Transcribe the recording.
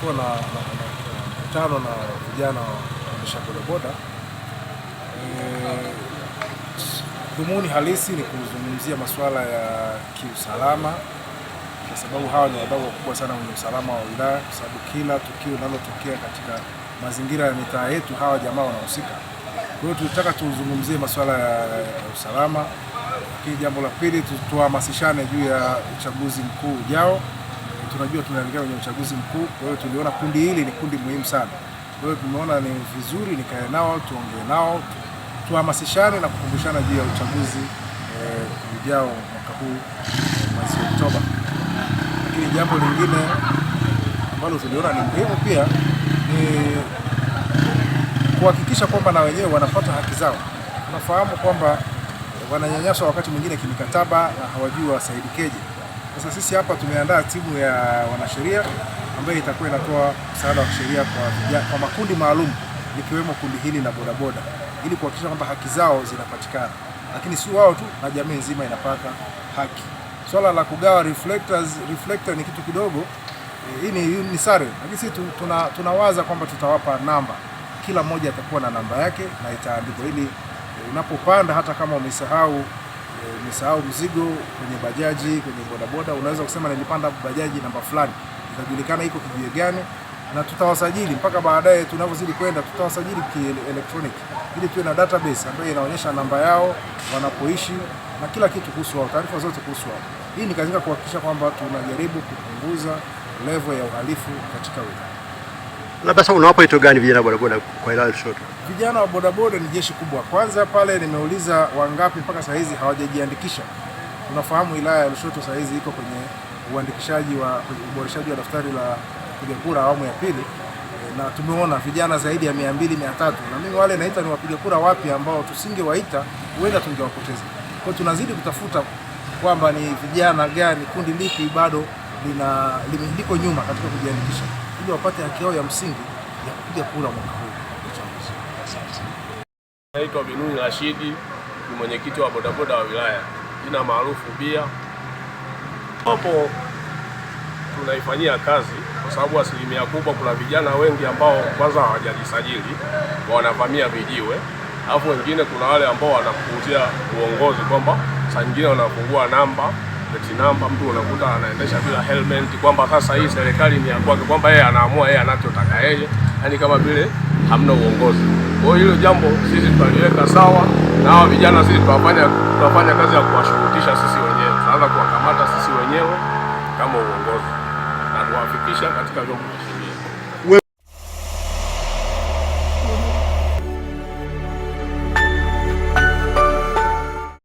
Tulikuwa na mkutano na vijana waendesha bodaboda. Eh, dhumuni halisi ni kuzungumzia masuala ya kiusalama, kwa sababu hawa ni wadau wakubwa sana kwenye usalama wa wilaya, kwa sababu kila tukio linalotokea katika mazingira ya mitaa yetu hawa jamaa wanahusika. Kwa hiyo tulitaka tuzungumzie masuala ya usalama, lakini jambo la pili tuhamasishane juu ya uchaguzi mkuu ujao tunajua tunaelekea kwenye uchaguzi mkuu. Kwa hiyo tuliona kundi hili ni kundi muhimu sana. Kwa hiyo tumeona ni vizuri nikae nao, tuongee nao, tuhamasishane na kukumbushana juu ya uchaguzi eh, ujao e, mwaka huu eh, mwezi Oktoba. Lakini jambo lingine ambalo tuliona ni muhimu pia ni kuhakikisha kwamba na wenyewe wanapata haki zao. Tunafahamu kwamba wananyanyaswa wakati mwingine kimikataba na hawajui wasaidikeje. Sasa sisi hapa tumeandaa timu ya wanasheria ambayo itakuwa inatoa msaada wa kisheria kwa, kwa makundi maalum likiwemo kundi hili la bodaboda ili kuhakikisha kwamba haki zao zinapatikana, lakini si wao tu na jamii nzima inapata haki. Swala la kugawa reflectors, reflector ni kitu kidogo eh, hii e, ni, ni sare, lakini sisi tuna, tunawaza kwamba tutawapa namba, kila mmoja atakuwa na namba yake na itaandikwa ili e, unapopanda hata kama umesahau umesahau eh, mzigo kwenye bajaji, kwenye bodaboda, unaweza kusema nilipanda bajaji namba fulani, itajulikana iko kijiwe gani, na tutawasajili mpaka baadaye tunavyozidi kwenda tutawasajili kielektroniki ili tuwe na database ambayo inaonyesha namba yao, wanapoishi na kila kitu kuhusu wao, taarifa zote kuhusu wao. Hii ni katika kuhakikisha kwamba tunajaribu kupunguza level ya uhalifu katika wilaya. Labda sasa unawapa wito gani vijana wa bodaboda kwa Ilala shoto? Vijana wa bodaboda ni jeshi kubwa. Kwanza pale nimeuliza wangapi mpaka saa hizi hawajajiandikisha. Unafahamu Wilaya ya Lushoto saa hizi iko kwenye uandikishaji wa uboreshaji wa daftari la kupiga kura awamu ya pili eh, na tumeona vijana zaidi ya mia mbili mia tatu na mimi wale naita ni wapiga kura wapya ambao tusingewaita huenda tungewapoteza. Kwa tunazidi kutafuta kwamba ni vijana gani, kundi lipi bado lina liko nyuma katika kujiandikisha ili wapate haki yao ya msingi ya kupiga kura mwaka huu. Naitwa Binuni Rashidi, ni mwenyekiti wa bodaboda wa wilaya, jina maarufu bia hapo. Tunaifanyia kazi kwa sababu asilimia kubwa, kuna vijana wengi ambao kwanza hawajajisajili wanavamia vijiwe, alafu wengine kuna wale ambao wanapuuzia uongozi kwamba saa nyingine wanafungua namba plate number, mtu unakuta anaendesha bila helmet, kwamba sasa hii serikali ni ya kwake, kwamba yeye anaamua yeye anachotaka yeye, yani kama vile hamna uongozi. Kwa hiyo hilo jambo sisi tutaliweka sawa, na hawa vijana sisi tutafanya tutafanya kazi ya kuwashurutisha sisi wenyewe, tutaanza kuwakamata sisi wenyewe kama uongozi na kuwafikisha katika vyombo vya sheria.